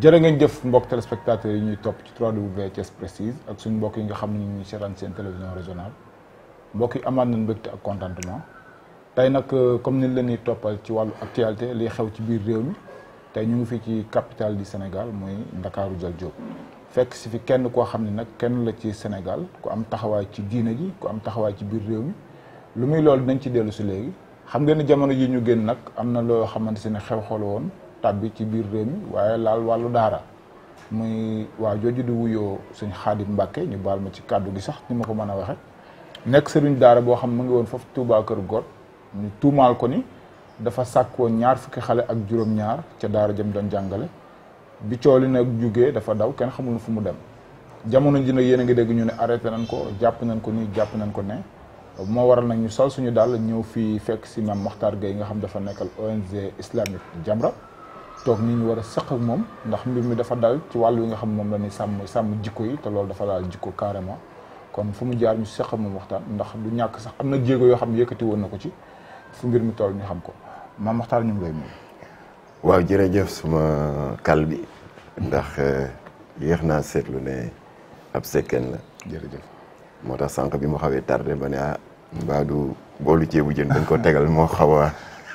jëre nga jëf mbokk téléspectateurs yi ñuy topp ci 3W Thiès Prestige ak suñu mbokk yi nga xam ne ñu ngi seetaan seen télévision régionale mbokk yi amaat nañ mbégte ak contentement tey nag euh, comme ni leen di toppal ci wàllu actualité li xew ci biir réew mi tey ñu ngi fii ci capitale du Sénégal muy Ndakaaru Jal Diop fekk si fi kenn koo xam ne nag kenn la ci Sénégal ku am taxawaay ci diine ji ku am taxawaay ci biir réew mi lu muy loolu dinañ ci dellu si léegi xam ngeen ne jamono yi ñu génn nag am na loo xamante ne xew xool woon bi ci biir réew mi waaye laal wàllu daara muy waa jooju di wuyoo sëñ Xaadim Mbàkke ñu baal ma ci kàddu gi sax ni ma ko mën a waxe nekk sëriñ daara boo xam mu ngi woon foofu Touba Kër Góor ñu tuumaal ko ni dafa sàkk woon ñaar fukki xale ak juróom-ñaar ca daara jëm doon jàngale bi coow li nag jugee dafa daw kenn xamul fu mu dem jamono ji ne yéen a ngi dégg ñu ne arrêté nañ ko jàpp nañ ko nii jàpp nañ ko ne moo waral nag ñu sol suñu daal ñëw fii fekk si maam Maxtaar Gueye nga xam dafa nekkal ONG islamique Jamra toog ni ñu war a sëq moom ndax mbir mi dafa dal ci wàll wi nga xam moom la ni sàmm sàmm jikko yi te loolu dafa daal jikko carrément kon fu mu jaar ñu sëq ak moom waxtaan ndax du ñàkk sax am na jéego yoo xam yëkkati woon na ko ci fu mbir mi toll ñu xam ko maam Maxtaar ñu ngi lay nuyu. waaw jërëjëf suma kal bi ndax euh, yéex naa seetlu ne ab sekkeen la. jërëjëf moo tax sànq bi mu xawee tardé ba ne ah. mbaa du boolu ceebu jën dañ ko tegal moo xaw a.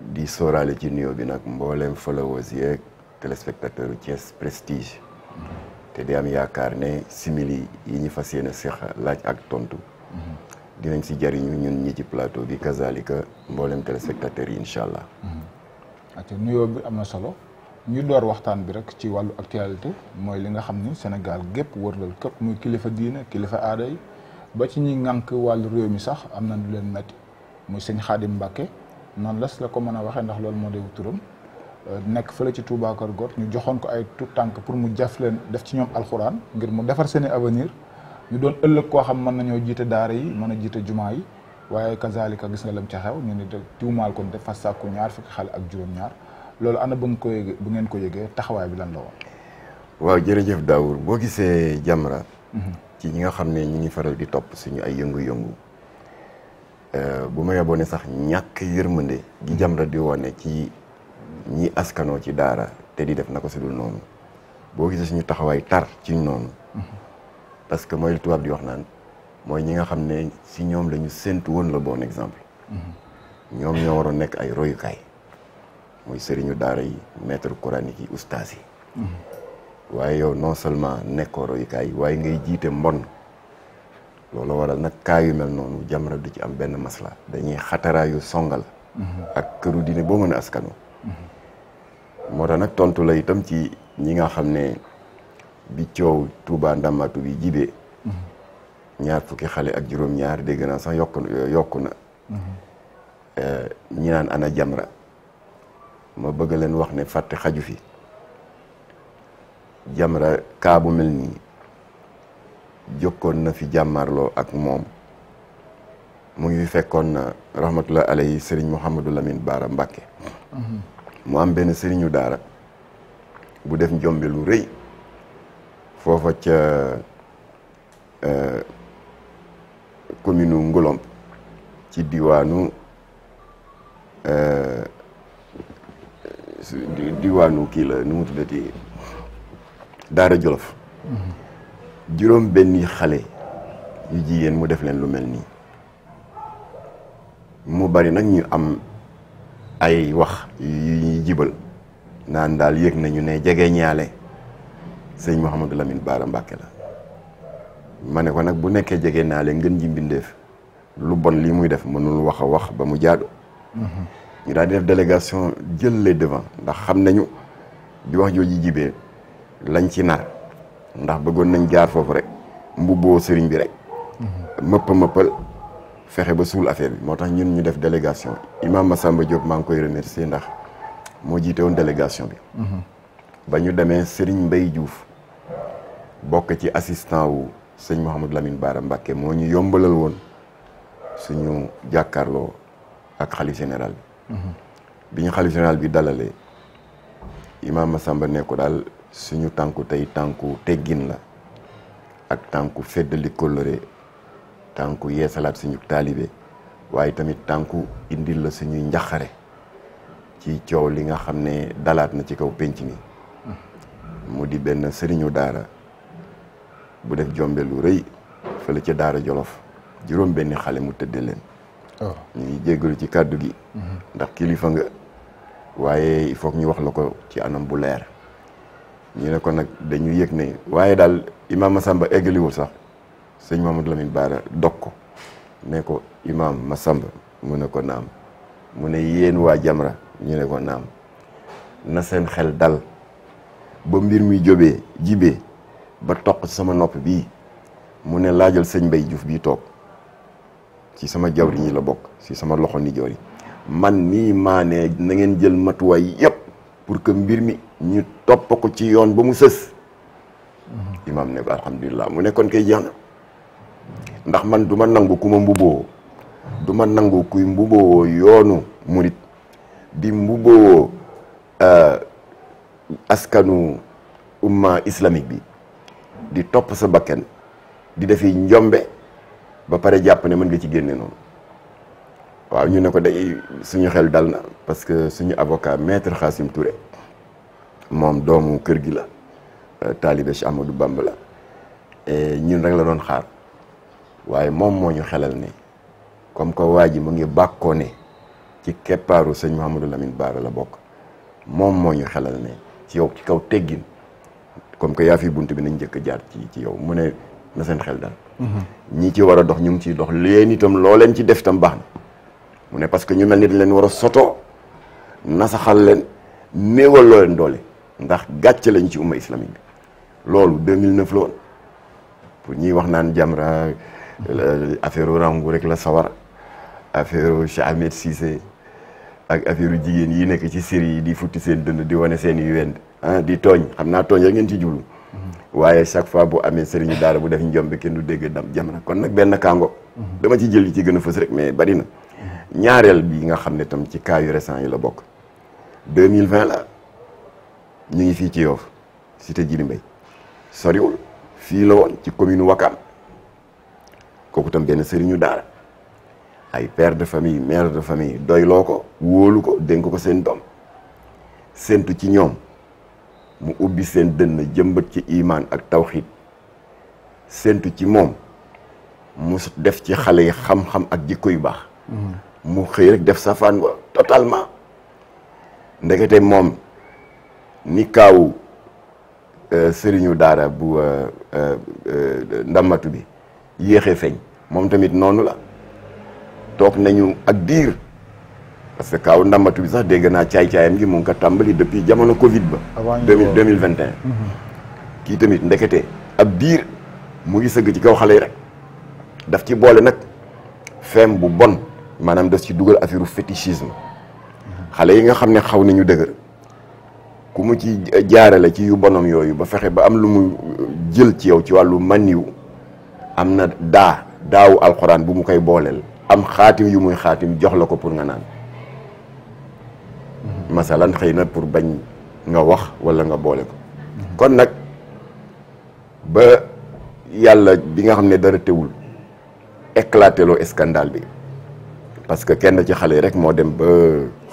di sóoraale ci nuyoo bi nag mbooleem followers yeeg téléspectateur u Thiès Prestige te di am yaakaar ne simili yi ñu fas yéene seq laaj ak tontu dinañ si jariñu ñun ñi ci plateau bi kazalika mbooleem téléspectateur yi incha allah ak nuyoo bi am na solo ñu door waxtaan bi rek ci wàllu actualité mooy li nga xam ni Sénégal gépp wërlal këpp muy kilifa diine kilifa aada yi ba ci ñi ŋànk wàllu réew mi sax am na lu leen metti muy sëñ Xaadim Mbàkke noonu las la ko mën a waxee ndax loolu moo deewu turam euh, nekk fële ci Touba Kër Goor ñu joxoon ko ay tout tànk pour mu jaf leen def ci ñoom alxuraan ngir mu defar seen avenir ñu doon ëllëg koo xam mën nañoo jiite daara yi mën a jiite jumaa yi waaye kazalika gis nga lem ca xew ñu ni de tuumaal ko te sàkku ñaar fukki xale ak juróom-ñaar loolu ana ba nga ko yëgee bu ngeen ko yëgee taxawaay bi la woon. waaw jërëjëf Daour boo gisee Jamra mhm. ci ñi nga xam ne ñu ngi faral di topp suñu ay yëngu-yëngu Eh, bu ma yeboo ne sax ñàkk yërmande gi Jamra di wone ci ñi askanoo ci daara te di def na ko dul noonu boo gisee suñu taxawaay tar ci noonu parce que mooy lu tubaab di wax naan mooy ñi nga xam ne si ñoom la ñu séntu bon exemple ñoom ñoo waroon nekk ay royukaay muy sëriñu daara yi maître coranique yi ustaas yi mm-hmm. waaye yow non seulement nekkoo royukaay waaye ngay mbon loolu waral nag kaa yu mel noonu Jamra du ci am benn masla dañuy xataraayu songal. Mhm. ak këru diine boo mën a askanu. Mhm. moo tax nag tontu la itam ci ñi nga xam ne bi coow Touba Ndamatu bi jibee mhm. ñaar fukki xale ak juróom-ñaar dégg naa sax yokku yokku na. Euh, ñi naan ana Jamra ma bëgg leen wax ne fàtte xaju fi Jamra kaabu mel nii. jokkoon na fi jàmmaarloo ak moom mu ngi fekkoon na rahmatullah alayhi sëriñ Mouhamadou Lamine Baara Mbacke mu am benn sëriñu daara bu def njombe lu rëy foofa ca euh, commune u ci diwaanu euh, diwaanu kii la nu mu tuddati Daara Jolof juróom benni xale yu jigéen mu def leen lu mel nii mu bari nag ñu am ay wax yu ñuy jibal naan daal yëg nañu ne jege ñaale sëñ Mouhamadou Lamine Bara Mbàkke la ma ne ko nag bu nekkee jege ñaale ngeen ji mbindeef lu bon lii muy def mënul wax a wax ba mu jaadu mhm. ñu daal di def délégation jël les devant ndax xam nañu di wax jooju jibee lañ ci nar ndax bëggoon nañ jaar foofu rek mbubboo sëriñ bi rek mhm. mëpp mëppal fexe ba suul affaire bi moo tax ñun ñu def délégation imam Massamba Diop maa ngi koy remercier ndax moo jiite woon délégation bi mhm. ba ñu demee sëriñ Mbay Diouf bokk ci assistant wu sëñ Mouhamadou Lamine Bara Mbacké moo ñu yombalal woon suñu jàkkaarloo ak xalif général bi mhm. bi ñu xalif général bi dalalee imam Massamba ne ko daal suñu tànku tey tànku teggin la ak tànku feddali kóllëre tànku yeesalaat suñu taalibe waaye tamit tànku indil la suñuy njaxare ci coow li nga xam ne dalaat na ci kaw pénc mi mu di benn sëriñu daara bu def jombe lu rëy fële ca daara jolof juróom benn xale mu tëdde leen oh. ñu ngi jéggalu ci kàddu gi mm-hmm. ndax kilifa nga waaye il faut ñu wax la ko ci anam bu leer ñu ne ko nag dañu yëg ne waaye daal imaam Massamba eggaliwul sax sëñ Mamadou Lamine Baara dog ko ne ko imam masamba mu ne ko naam mu ne Jamra ñu ne ko nam na seen xel dal ba mbir mi jóbee jibee ba toq sama nopp bii mu ne laajal sëñ Mbay Juuf ci sama jawri ñi la bokk ci sama loxo ni jori man ni maa ne na ngeen jël matuwaay yep pour que mbir mi ñu topp ko ci yoon ba mu sës imaam ne ko alhamdulilah mu nekkoon kay jeex na ndax man du ma nangu ku ma mbuboo du ma nangu kuy mbuboo yoonu murit di mbuboo euh, askanu umma islamique bi di topp sa bakken di defi njombe ba pare jàpp ne mën nga ci génne noonu waaw ñu ne ko day suñu xel dal na parce que suñu avocat maître Khassim Touré Mam doomu kër gi la euh, taalibe si Amadou Bamba la ñun rek la doon xaar waaye xelal ne comme que waa ji mu ngi bàkkoo ne ci keppaaru sëñ Mouhamadou Lamine Bara la bokk xelal ne ci yow ci kaw teggin comme fi bunti bi nañ njëkk a jaar ci ci yow mu ne na seen xel tom mm-hmm. ñi ci war dox ñu ngi dox leen itam leen ci def itam baax mu ne parce que ñu dañ leen soto nasaxal leen néewal loo leen doole. ndax gàcce lañ ci umma islamique bi loolu 2009 la woon pour ñuy wax naan Jamra affaire rangu rek la sawar affaire Cheikh Ahmed Cissé ak affaire jigéen yi nekk ci Syrie yi di futti seen dënn di wane seen yu wend ah di tooñ xam naa tooñ rek ngeen ci jublu mhm. waaye chaque fois bu amee sëriñu daara bu def njombe kenn du dégg dam Jamra kon nag benn kàngo mhm. dama ci jël li ci gën a fës rek mais bari na mhm. ñaareel bi nga xam ne tam ci cas yu récent yi la bokk 2020 la ñu ngi fii ci Yoff cité Djily Mbaye soriwul fii la woon ci commune Wakam kooku tam benn sëriñu daara ay père de famille mère de famille doyloo ko wóolu ko dénk ko seen doom séntu ci ñoom mu ubbi seen dënn jëmbat ci imaan ak tawxiid séntu ci moom mu def ci xale yi xam-xam ak jikko yu baax mm-hmm. mu xëy rek def safaan ba totalement ndekete moom ni kaaw euh, sëriñu daara bu euh, euh, ndamatu bi yéexee feeñ moom tamit noonu la toog nañu ak diir parce que kaaw ndamatu bi sax dégg naa caay-caayam gi mu ngi ko tàmbali depuis jamono Covid ba. avant deux mille vingt et mhm. kii tamit ndekete ab diir mu ngi sëgg ci kaw xale yi rek daf ci boole nag feem bu bon maanaam des ci dugal affaire fétichisme mhm. xale yi nga xam ne xaw nañu dëgër. ku mu ci jaarale ci yu bonam yooyu ba fexe ba am lu mu jël ci yow ci wàllu maniw am na daa daawu alxuraan bu mu koy booleel am xaatim yu muy xaatim jox la ko pour nga naan masalan xëy na pour bañ nga wax walla nga boole ko kon nag ba yàlla bi nga xam ne dara teewul éclaté loo scandale bi parce que kenn ci xale yi rek moo dem ba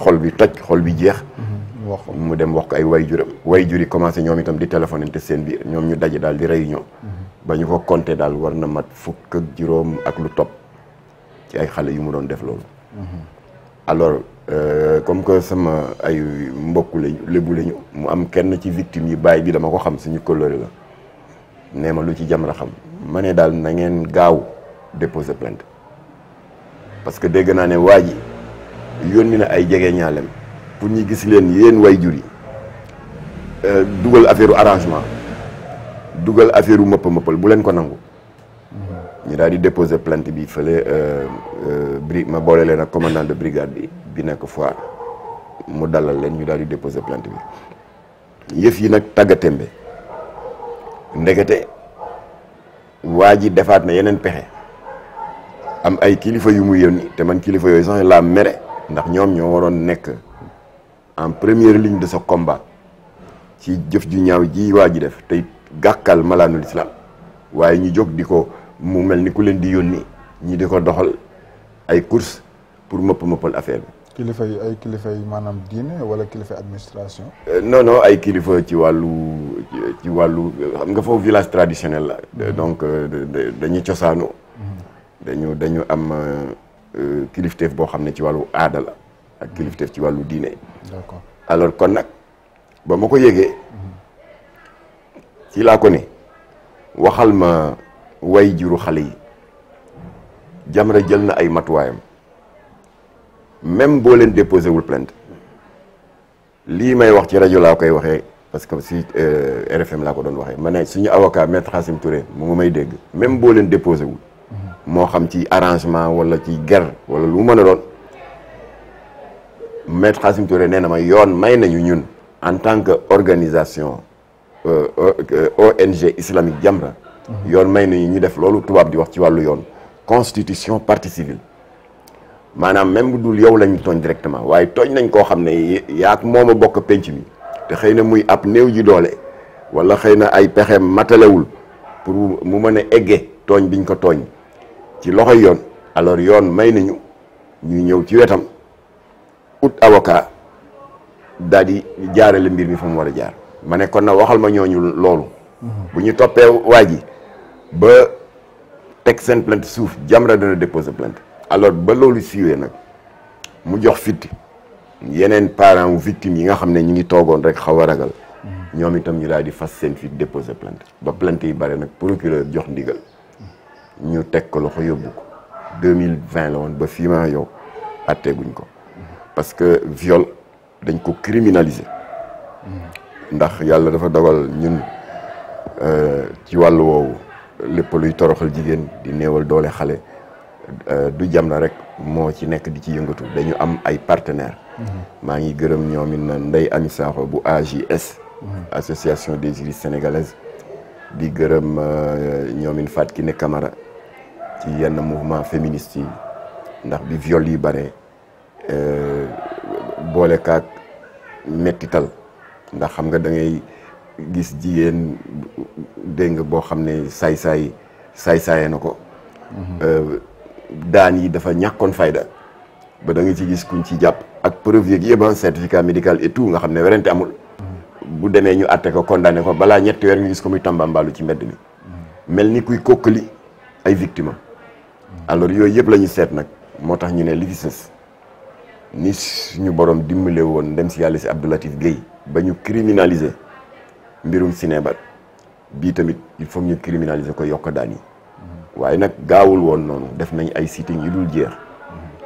xol bi toj xol bi jeex wax ko mu dem wax ko ay wayjuram wayjur yi commencé ñoom itam di téléphonante seen biir ñoom ñu daje daal di réunion mhm. ba ñu ko compté daal war na mat fukk ak juróom ak lu top ci ay xale yu mu doon def loolu mhm. alors euh, comme que sama ay mbokku lañu lébu lañu mu am kenn ci victime yi bàyyi bi dama ko xam suñu coloré la nee ma lu ci jam la xam ma ne daal na ngeen gaaw déposer plainte parce que dégg naa ne waa ji yónni na ay jege ñaalem pour ñu gis leen yéen way jur yi euh, dugal affaire arrangement dugal affaire mëpp mëppal bu leen ko nangu ñu daal di déposer plainte bi fële euh, euh, bri ma boole leen ak commandant de brigade bi bi nekk foire mu dalal leen ñu daal di déposé plainte bi yëf yi nag tàggatémbe ndekete waa ji defaat na yeneen pexe am ay kilifa yu mu yónni te man kilifa yooyu sax laa mere ndax ñoom ñoo waroon nekk en première ligne de sa combat ci jëf ju ñaaw ji waa ji def tey gàkkal malaanu islam waaye ñu jóg di ko mu mel ni ku leen di yónni ñi di ko doxal ay course pour mëpp mëppal affaire bi. kilifa yi ay kilifa yi maanaam diine wala kilifa administration. Euh, non ay kilifa ci wàllu ci wàllu xam nga foofu village traditionnel la. Mm-hmm. donc euh, dañuy cosaanu. Mm-hmm. dañu dañu am euh, kilifteef boo xam ne ci wàllu aada la ak mm-hmm. kilifteef ci wàllu diine. d'accord alors kon nag ba ma ko yëgee ci laa ko ni waxal ma way juru xale yi Jamra jël na ay matuwaayam même boo leen déposé wul plainte lii may wax ci rajo laa koy waxee parce que si euh, RFM laa ko doon waxee ma ne suñu avocat maître Hassim Touré mu ngi may dégg même boo leen déposé wul mm-hmm. moo xam ci arrangement wala ci guerre wala lu mën a doon maître Khassim Touré nee na ma yoon may nañu ñun en tant que organisation euh, euh, euh ONG islamique Jamra mhm. yone may nañu ñu def lolu tubab di wax ci walu yone constitution partie civile manam même dul yow lañ togn directement waye togn nañ ko xamné ne yaak moma a bokk penc mi te xeyna muy ab néew ji doole wala xeyna ay pexe matalewul pour mu mën éggé togn biñ ko togn ci loxoy yone alors yone may nañu ñu ñew ci wétam ut awoka daal di jaarale mbir mi fa mu war a jaar ma ne kon na waxal ma ñoo ñooñu loolu bu ñu toppee waa ji ba teg seen plainte suuf Jamra dana déposer plainte alors ba loolu siiwee nag mu jox fitti yeneen parent wu victime yi nga xam ne ñu ngi toogoon rek xaw a ragal ñoom itam ñu daal di fas seen fit déposé plainte ba plainte yi bare nag procureur jox ndigal ñu teg ko loxo yóbbu ko 2020 la woon ba fii ma yow atteeguñ ko parce que viol dañ ko criminaliser ndax yalla dafa dogal ñun euh ci walu woowu lepp luy toroxal jigen di néewal doole euh du jamna rek mo ci nekk di ci yëngatu dañu am ay partenaires. Mm-hmm. ma ngi gëreum ñoom it na Ndeye Ami Sakho bu AJS. Mm-hmm. association des juristes sénégalaises di gëreum ñoom fat ki ne Camara ci yenn mouvement féministe ndax bi viol yi bare. boole kaag mettital ndax xam nga dangay gis jigéen dégg nga boo xam ne saay-saay saay-saaye na ko mhm. daan yi dafa ñàkkoon fayda ba da ci gis kuñ ci jàpp ak preuve yeeg yëpp ah, certificat médical et tout nga xam ne werante amul mhm. bu demee ñu àtte ko condamné ko balaa ñetti weer ñu gis ko muy tàmbambaalu ci medd mi mhm. mel ni kuy kokkali ay victimes alors yooyu yëpp la seet nag moo tax ñu ne li fi ni suñu borom dimbale woon dem si yàlla si Abdou Latif Guèye ba ñu criminaliser mbirum Sinébar bii tamit il faut ñu criminaliser ko yokk daan yi waaye nag gaawul woon noonu def nañu ay sitting yu dul jeex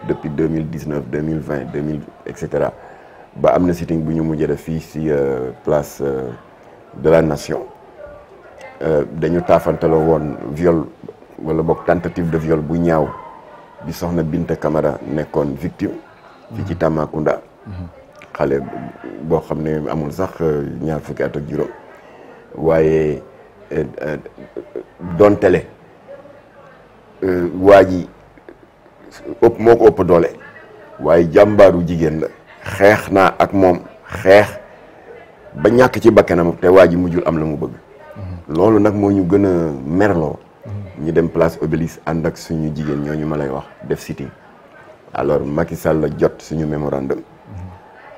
depuis deux mille dix neuf deux mille vingt deux mille et cetera ba am na sitting bu ñu mujjee def fii si euh, place euh, de la nation euh, dañu taafantaloo woon viol wala boog tentative de viol bu ñaaw bi soxna Binta Camara nekkoon victime. fii ci Tambacounda. Mhm. xale boo xam ne amul sax euh, ñaar fukki at ak juróom waaye euh, euh, dontele waa ji ëpp moo ko ëpp doole waaye jàmbaaru jigéen la xeex naa ak moom xeex ba ñàkk ci bakkanam te waa ji mujjul am la mu bëgg mhm. loolu nag moo ñu gën a merloo mhm. ñu dem place Obélisque ànd ak suñu jigéen ñooñu ma lay wax def sitting alors Macky Sall a jot mémorandum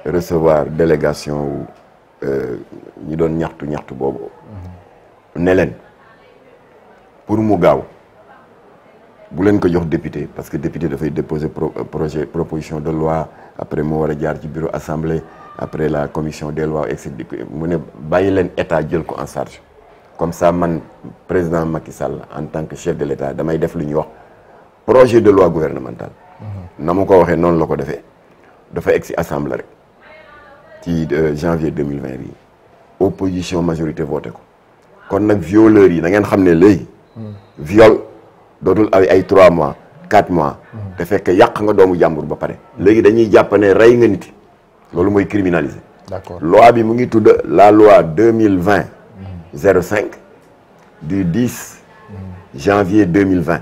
recevoir délégation euh ñi doon ñaxtu ñaxtu boobu ne pour mu gaaw bu que ko jox député parce que député fay déposer euh, projet proposition de loi après le wara jaar bureau assemblée après la commission des lois et cetera mu ne état jël en charge comme ça le président Macky Sall en tant que chef de l'État, je damay def lu projet de loi gouvernementale Namoko mu non le noonu la ko fait dafa fait si assemblée rek euh, janvier 2020 opposition majorité voté ko kon nag violeurs yi na ngeen xam ne viol dootul ay ay trois mois quatre mois te y'a quand nga doomu jàmbur ba pare léegi dañuy jàpp ne rey nga nit loolu est criminalisé d'accord loi bi tout ngi la loi 2020 05 du 10 mm. janvier 2020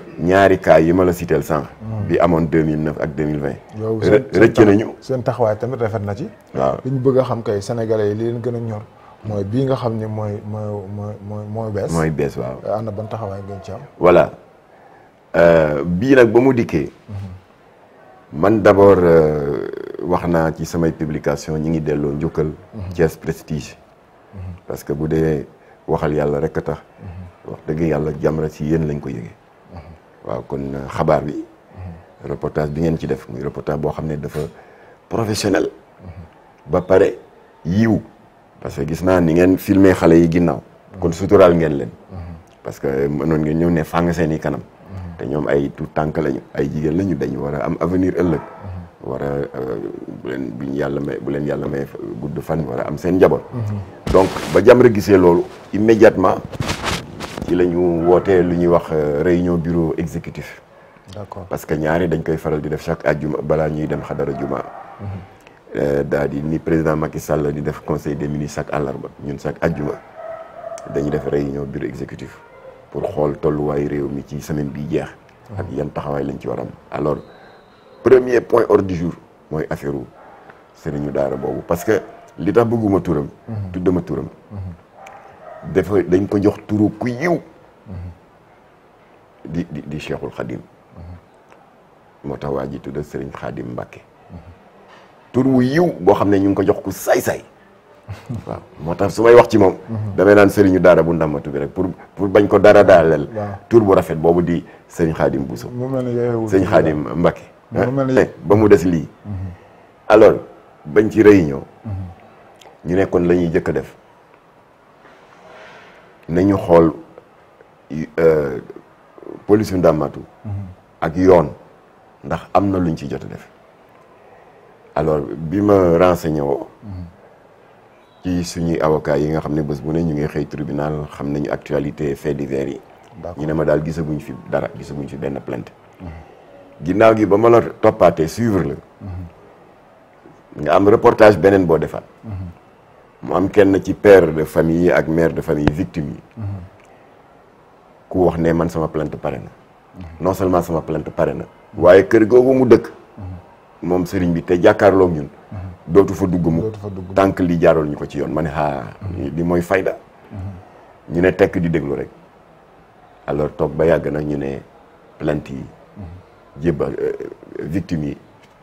ñaari kay yi ma la citeel sànq. bi amone 2009 ak 2020. yow seen nañu sen taxaway tamit rafet na ci. biñ bëgg xam kay sénégalais li leen gëna ñor. moy bi nga xam ne moy moy moy mooy bees. mooy bees waaw eh, ana ban taxaway gën ci am. voilà euh, bi nak ba mu diké man d'abord euh, waxna ci sama publication ñi ngi delloo njukkal. Thiès Prestige. Mhm. parce que bu waxal yalla rek tax. Mhm. wax deug yalla Jamra ci yeen lañ ko yégué waaw kon euh, xabaar bi mhm. reportage bi ngeen ci def muy reportage boo xam ne dafa professionnel mhm. ba pare yiw parce que gis naa ni ngeen filmer xale yi ginnaaw mhm. kon suturaal ngeen leen parce que euh, noon ngeen ñëw ne fàng seen i kanam te ñoom ay tout tànk lañu ay jigéen lañu dañu war a am avenir ëllëg war a euh, bu leen bu yàlla may bu leen yàlla may gudd fan war a am seen njaboot donc ba Jamra gisee loolu immédiatement ci la ñu wootee lu wax euh, réunion bureau exécutif. d'accord parce que ñaari dañ koy faral di def chaque àjjuma balaa ñuy dem xadara juma. Mhm. Euh, daa di ni président Macky Sall di def conseil des ministres chaque àllarba ñun chaque àjjuma dañuy def réunion bureau exécutif pour xool tolluwaayu réew mi ci semaine bi jeex. ak yan taxawaay lañ ci waram alors premier point ordre du jour mooy affaire sëriñu daara boobu parce que li tax bëgguma turam. Mhm. tuddama turam. Mhm. dafa dañ ko jox turu ku yiw di di di Cheikhul Khadim moo tax waa ji tudd Serigne Khadim Mbacke tur wu yiw boo xam ne ñu ngi ko jox ku say-say waaw moo tax su may wax ci moom damay naan sëriñu daara bu ndamatu bi rek pour bañ ko dara daaleel tur bu rafet boobu di sëriñ Khadim Bousso sëriñ Khadim Mbacke eh, eh, ba mu des lii alors bañ ci réunion mhm. ñu nekkoon lañuy ñuy jëkk def nañu xool euh, police Ndamatou ak yoon ndax am na luñ ci jot a def alors bi ma renseigné woo ci suñuy avocat yi nga xam ne bés bu ne ñu ngi xëy tribunal xam nañu actualité faits divers yi ñu ne ma daal gisaguñ fi dara gisaguñ fi benn plainte ginnaaw gi ba ma la toppaatee suivre la nga am reportage beneen boo defaat mu am kenn ci père de famille yi ak mère de famille victime yi ku wax ne man sama plant pare na non seulement sama plainte pare na waaye kër googu mu dëkk moom sëriñ bi te jàkkaarloog ñun dootu fa dugg mu tànk li jaaroon ñu ko ci yoon ma ne haa ah, li mooy fayda ñu ne tekk di déglu rek alors toog ba yàgg nag ñu ne plant yi jébbal euh, victime yi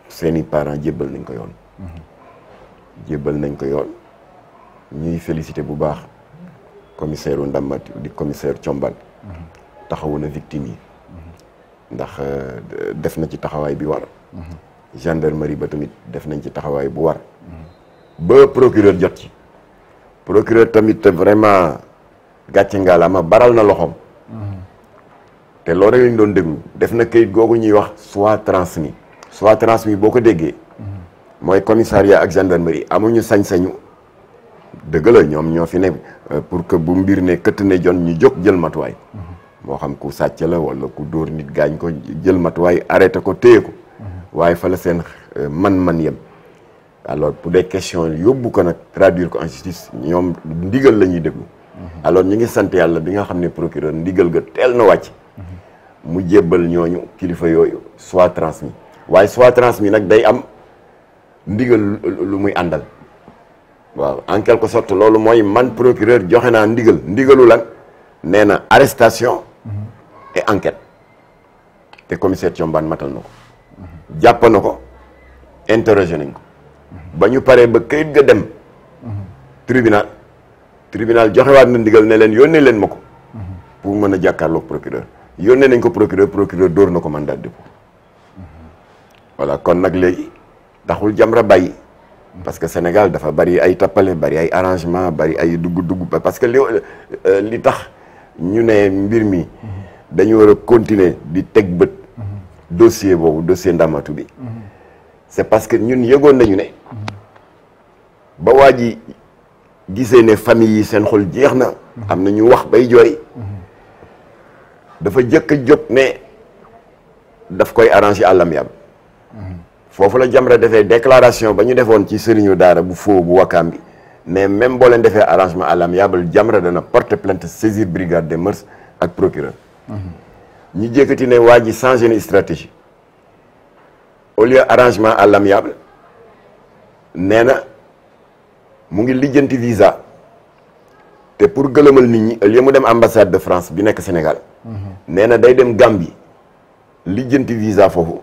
seeni parent jébbal nañ ko yoon mhm. jébbal nañ ko yoon ñuy félicité bu baax commissaire u Ndamati di commissaire Thiombal taxawu na victime yi ndax euh, def na ci taxawaay bi war gendarmerie ba tamit def nañ ci taxawaay bu war ba procureur jot ci procureur tamit vraiment gàcce ngaalama baral na loxoom te loolu rek lañ doon déglu def na kayit googu ñuy wax soit transmis soit transmis boo ko déggee mooy commissariat ak gendarmerie amuñu sañ-sañu dëgg ñoom ñoo fi ne euh, pour que bu mbir ne këtt ne jon ñu jóg jël matuwaay moo xam ku sàcc la wala ku dóor nit gaañ ko jël matuwaay arrêté ko téye ko waaye fa la seen euh, man-man yem alors pour de question yóbbu ko nag traduire ko en ñoom ndigal la ñuy déglu alors ñu ngi sant yàlla bi nga xam ne procureur ndigal ga teel na wàcc mu jébbal ñooñu kilifa yooyu soit transmis waaye soit transmis nag day am ndigal lu muy àndal waaw en quelque sorte loolu mooy man procureur joxe naa ndigal ndigalu lan nee na arrestation et enquête te commissaire Thiombane matal na ko jàpp na ko interrogé nañ ko ba ñu paree ba kayit ga dem tribunal tribunal waat na ndigal ne leen yónnee leen ma ko pour mën a jàkkaarloog procureur yónnee nañ ko procureur procureur dóor na ko man de dépôt voilà kon nag léegi taxul Jamra bàyyi parce que Sénégal dafa bari ay tapalé bari ay arrangement bari ay dugu. dugg parce que euh, euh, li tax ñu ne mbir mi dañu wara continuer di teg beut dossier bobu dossier ndamatu bi c'est parce que ñun yëgoon nañu né ba waji gisé né famille yi seen xol jeexna amna ñu wax bay joy dafa jëkk a né ne daf koy arranger alam l'amiable foofu la Jamra defee déclaration ba ñu defoon ci sëriñu daara bu foo bu wakkaam bi mais même booleen leen defee arrangement à l'amiable Jamra dana porter plainte saisir brigade des mœurs ak procureur mhm. ñu jëkkati ne waa ji changé na stratégie au lieu arrangement à l'amiable nee na mu ngi lijjanti visa te pour gëlëmal nit ñi au lieu mu dem ambassade de France bi nekk Sénégal mhm. nee na day dem Gambie lijjanti visa foofu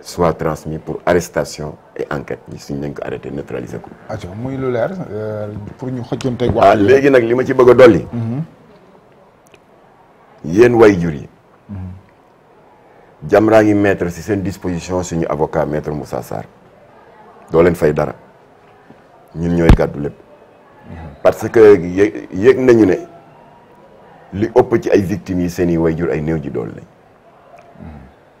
soit transmis pour arrestation et enquête ni suñ nañ neutraliser ko. muy lu leer euh, pour ñu wax ah, légui nak lima ci bëgg doli mhm. way mettre ci sen disposition suñu avocat maître Moussa Sar do leen fay dara ñun ñoy gaddu parce que yek nañu ne li victimes yi seen ay neew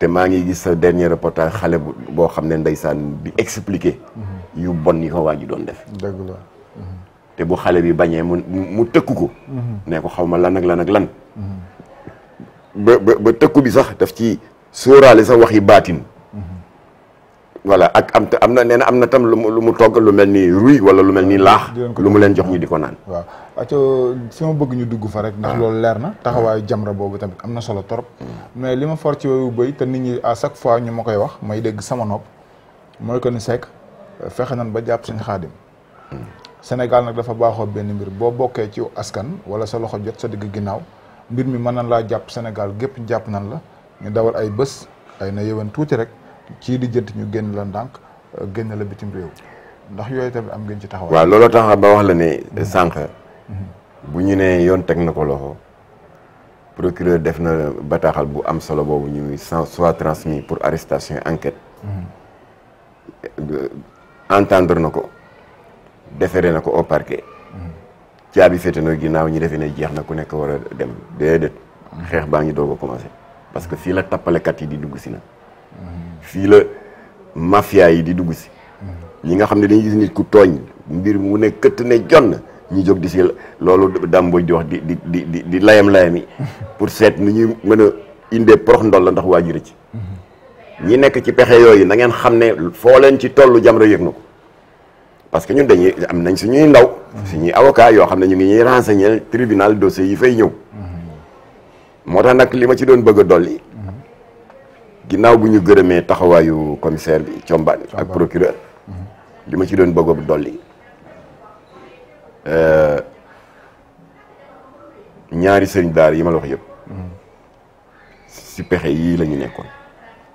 te maa ngi gis sa dernier reportage xale bu boo xam ne ndeysaan bi expliquer mhm. yu bon yi ko waa ji doon def dëgg la mhm. te bu xale bi bañee mu mu tëkku ko mhm. ne ko xaw ma lan ak lan ak lan ba ba tëkku bi sax daf ci sóoraale sa waxi baatin voilà ak am am na tam lu mu lu mu togg lu melni ruy wala lu melni ni lu mu len jox ñu di naan. wa aco sama bëgg ñu dugg fa rek. ndax ah. loolu leer na. Ah. taxaway jamra bobu tamit am na solo torop hmm. mais lima for ci wayu beuy te nit ñi à chaque fois ñu makay wax may dégg sama nopp moy ko ni sekk fexé nan ba japp suñu khadim hmm. Sénégal nak dafa baxo ben mbir bo bokké ci askan wala sa loxo jot sa digg ginaaw mbir mi man nan la japp Sénégal gep japp nan la ñu dawal ay bëss ay na yewen tuuti rek. ci di jënt ñu génn la ndànk euh, génn la bitim réew ndax yooyu tamit am ngeen ci taxawaay. waaw looloo tax ba wax la ne mm-hmm. sànq. Mm-hmm. bu ñu nee yoon teg na ko loxo. procureur def na bataaxal bu am solo boobu ñuy sans soit transmis pour arrestation enquête. Mm-hmm. entendre na ko. deferee na ko au parquet. caabi féete na ginnaaw ñu defee ne jeex na ku nekk war a dem déedéet. xeex baa ngi doog a commencé. parce que fii la tappalekat yi di dugg si na. fii la mafia yi di dugg si ñi nga xam ne dañuy gis nit ku tooñ mbir mu ne këtt ne jonn ñu jóg di si loolu dàmbooj di wax di di di di di layam-layam yi pour seet ni ñuy mën a indee porox ndol la ndax waa ji ci mm-hmm. ñi nekk ci pexe yooyu na ngeen xam ne foo leen ci tollu Jamra yëg na ko parce que ñun dañuy am nañ su ñuy ndaw mm-hmm. suñuy avocat yoo xam ne ñu ngi ñuy renseigner tribunal dossier yi fay ñëw mm-hmm. moo tax nag li ma ci doon bëgg a dolli ginnaaw bu ñu gërëmee taxawaayu commissaire bi Thiombane ak procureur li ma ci doon bëggoon dolli euh, ñaari sëriñ daar yi ma la wax yëpp si pexe yii lañu nekkoon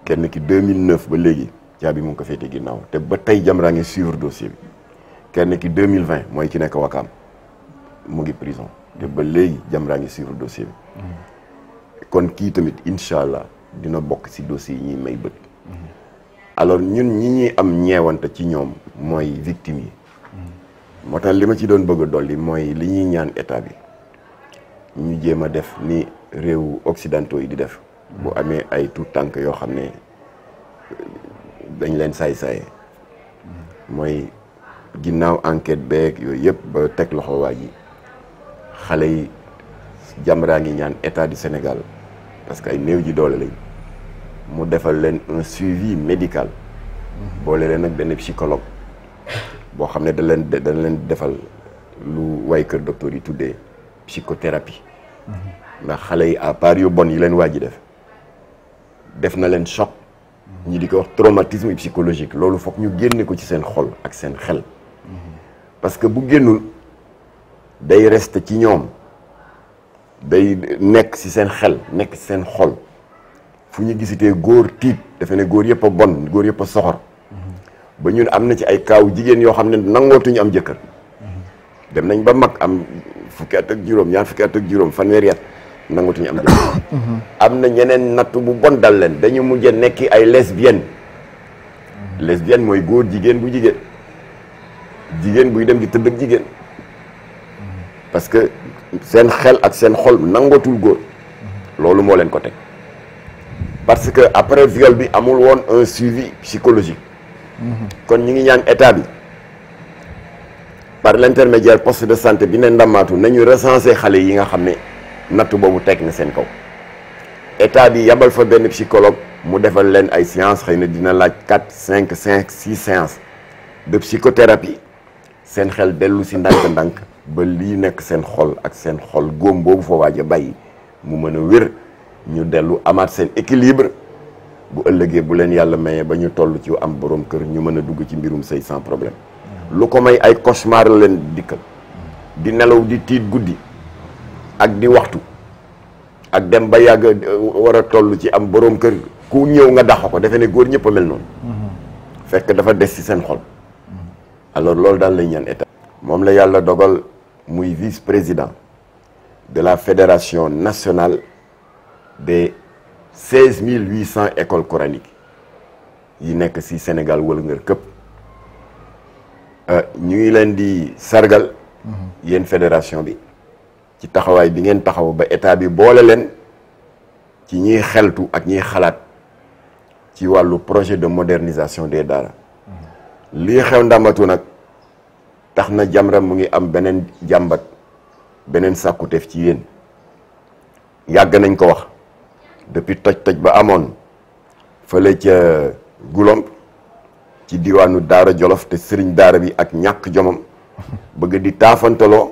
kenn ki 2009 ba léegi caabi mu ngi ko féete ginnaaw te ba tey Jamra ngi suivre dossier bi kenn ki 2020 mooy ci nekk Wakaam mu ngi prison te ba léegi Jamra ngi suivre dossier bi mm. kon kii tamit incha allah. dina bok ci dossier ñi may bët alors ñun ñi ñi am ñewante ci ñom moy victime yi moo lima ci doon bëgg doli moy li ñi ñaan état bi ñu jema def ni réew occidentaux yi di def bu amé ay tout tank yo xamné ne dañ leen say say moy ginnaw enquête beeg yoy yep ba tek loxo waaji xalé yi jamra ngi ñaan état du Sénégal parce que ay ji doole lañu mu defal leen un suivi médical boole leen ak benn psychologue boo xam ne da leen dana leen defal lu way kër docteur yi tuddee psychothérapie ndax xale yi à part yu bon yi leen waa ji def def na leen choc ñi di ko wax traumatisme psychologique loolu foog ñu génne ko ci seen xol ak seen xel parce que bu génnul day reste ci ñoom day nekk ci seen xel nekk ci seen xol fu ñu gor góor tiit defe ne góor yëpp bon góor yépp soxor ba ñun amna ci ay kaw jigen yo xamné nangotu ñu am jëkkeur dem nañ ba mag am fukki at ak juroom ñaar fukki at ak juróom fanweeri at am am na ñeneen natt bu bon dal leen dañu mujjé nekk ay lesbienne lesbienne moy góor jigen bu jigen jigen buy dem di teud ak jigen parce que sen xel ak sen xol nangotul góor lolu mo len ko tek parce que après viol bi amul un suivi psychologique. kon ngi établi par l'intermédiaire poste de santé bi ne recensé nañu recenser xalé yi nga xamné natou bobu tek na seen kaw. état bi psychologue séances dina séances de psychothérapie xel ñu dellu amaat seen équilibre bu ëllëgee bu leen yàlla mayee ba ñu toll ci am borom kër ñu mën a dugg ci mbirum sëy sans problème mm. lu ko may ay la leen dikkal di nelaw di tiit guddi ak di waxtu ak dem ba yàgg euh, war a toll ci am borom kër ku ñëw nga dàq ko defe ne góor ñëpp a mel noonu mm-hmm. fekk dafa des ci seen xol mm-hmm. alors loolu daal lay ñaan état moom la yàlla dogal muy vice-président de la fédération nationale de 16 800 écoles coraniques yi que ci Sénégal le Côte Nous ñu ngi que di sargal une mhm. fédération bi ci taxawaay bi ngeen taxaw ba état bi boole projet de modernisation des daara Ce mhm. xew ndamatu nag tax c'est que mu ngi un depuis toj toj ba amone fele ci gulom ci diwanu dara Jolof te serigne dara bi ak ñak jomam bëgg di taafantaloo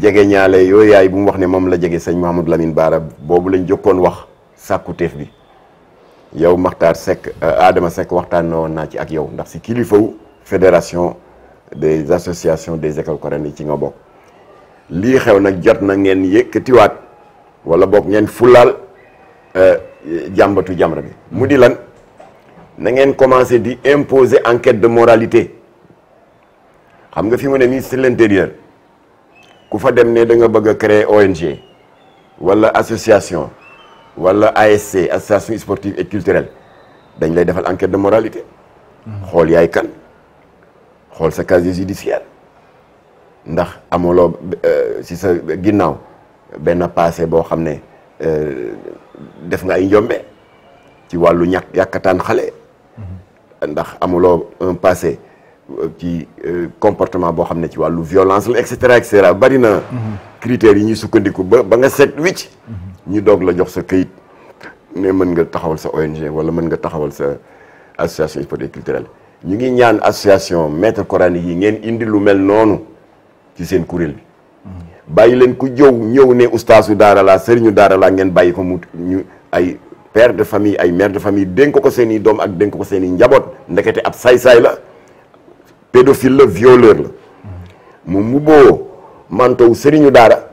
jege ñaale yooyu yaay bu mu wax ne mom la jege serigne Mahamadou Lamine bara bobu lañ jokkon wax sàkkuteef bi yow maktar sek euh, Adama waxtan no na ci ak yow ndax si kilifaw federation des associations des écoles coréennes ci nga bok li xew nak jot na ngeen wat wala bok ngeen fulal Euh, jàmbatu Jamra bi mu lan na ngeen commencé di imposer enquête de moralité xam nga fi ne ministre de l'intérieur kufa fa dem ne da nga bëgg créer ONG wala association wala ASC association sportive et culturelle dañ lay defal enquête de moralité xool yaay kan xool sa casier judiciaire ndax amolo euh, si sa ginnaw ben passé bo xam euh def nga ay njombe ci wàllu ñàkk yàkkataan xale ndax amuloo un passé euh, ci euh, comportement boo xam ne ci wàllu violence la et cetera et cetera bari na critères yi ñuy sukkandiku ba ba nga set wicc ñu doog la jox sa këyit ne mën nga taxawal sa ONG wala mën nga taxawal sa association sportive culturelle ñu ngi ñaan association maître coranique yi ngeen indi lu mel noonu ci seen kuréel bi bàyyi leen ku jow ñëw ne ustaasu daara laa sëriñu daara laa ngeen bàyyi ko mu ñu ay per de famille ay mère de famille dénk ko seeni doom ak dénk ko seeni i njaboot ndekete ab saay-saay la pédophile la violeur la mu mbubboo mantow sëriñu daara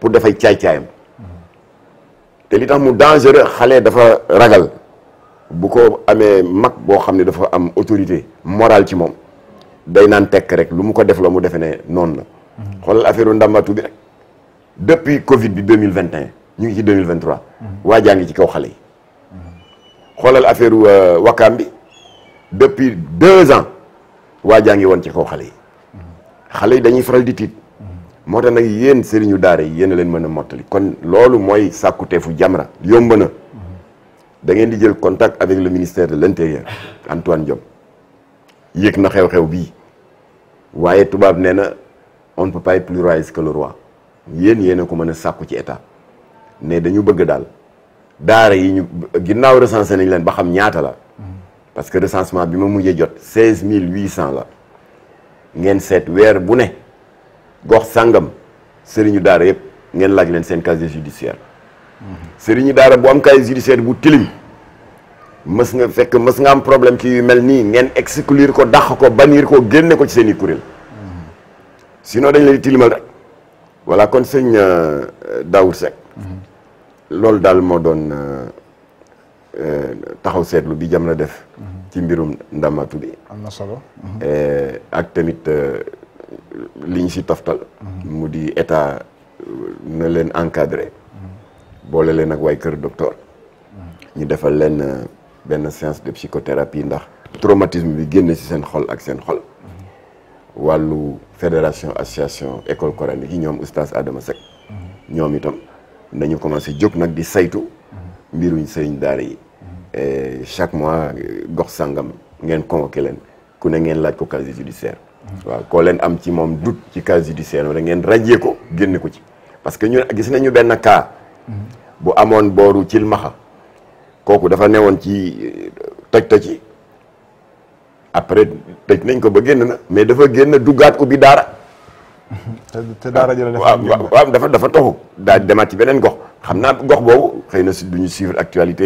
pour dafay caay-caayam te li tax mu dangereux xale dafa ragal bu ko amee mag boo xam ne dafa am autorité morale ci moom day naan tekk rek lu mu ko def la mu defe ne noonu la xoolal affaire ndàmbaatu bi rek depuis Covid bi 2021 ñu ngi ci 2023. Mhm. wajangi ngi ci kaw xalé yi. Mhm. xoolal affaire euh, wakam bi depuis 2 ans waajaa ngi woon ci kaw xalé yi. Mhm. yi dañuy faral di tit motax nak yeen serigne daara yeen leen mën a kon loolu moy sakutefu Jamra yombana da ngeen di jël contact avec le ministère de l'intérieur Antoine Job. yek na xew-xew bi waye tubab neena on peut pas être plus royaliste que le roi yéen yéen ko meuna sakku ci état né dañu bëgg dal daara yi ñu ginnaw recensé nañ leen ba xam ñaata la parce que recensement bi ma jot seize la ngeen set weer bu né gox sangam sëriñu daara yépp ngeen laaj leen seen casier judiciaire sëriñu daara bu am casier judiciaire bu tilim mëss nga fekk mëss nga am problème ci yu mel ni ngeen exclure ko dakh ko banir ko génné ko ci seen sinon dañ lay tilimal rek voilà kon sëñ euh, Daoud Seck mhm. dal mo moo euh, euh taxaw setlu bi jam la def mhm. ci mbirum ndamatu bi amna solo euh ak tamit euh, liñ ci si toftal mu état na len encadrer boole leen ak waay keur docteur ñu defal len ben séance de psychothérapie ndax traumatisme bi génn ci sen xol ak sen xol wàllu fédération association école coranique yi ñoom oustaz Adama Seck ñoom itam nañu commencé jóg nag di saytu mbiruñ sëriñ daara yi mm-hmm. eh, chaque mois eh, gox sàngam ngeen convoqué leen ku ne ngeen laaj ko casier judiciaire mm-hmm. waaw koo leen am ci moom dut ci casier judiciaire rek ngeen rajee ko génne ko ci parce que ñu gis nañu benn cas mm-hmm. bu amoon booru Cilmaxa kooku dafa newoon ci eh, toj-toj yi après tëj nañ ko ba génna na mais dafa génn duggaat ubbi daara. te daara jëla waaw waaw dafa dafa toxu daal demaat ci beneen gox xam naa gox boobu xëy na si duñu suivre actualité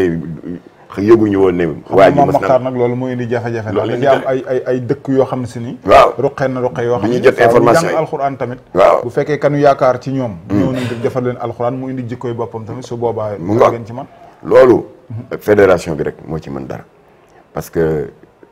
yëguñu woon ne waa ji moom Maxtaar nag loolu moo indi jafe-jafe loolu indi am ay ay ay dëkk yoo xam ne si ni waaw ruqeen na ruqe yoo xam ne information jàng tamit waaw bu fekkee kanu yaakaar ci ñoom mm. ñëw nañ def defal leen alxuraan mu indi jikkooy boppam tamit su boobaa mu ngeen ci man loolu mm-hmm. fédération bi rek moo ci mën dara parce que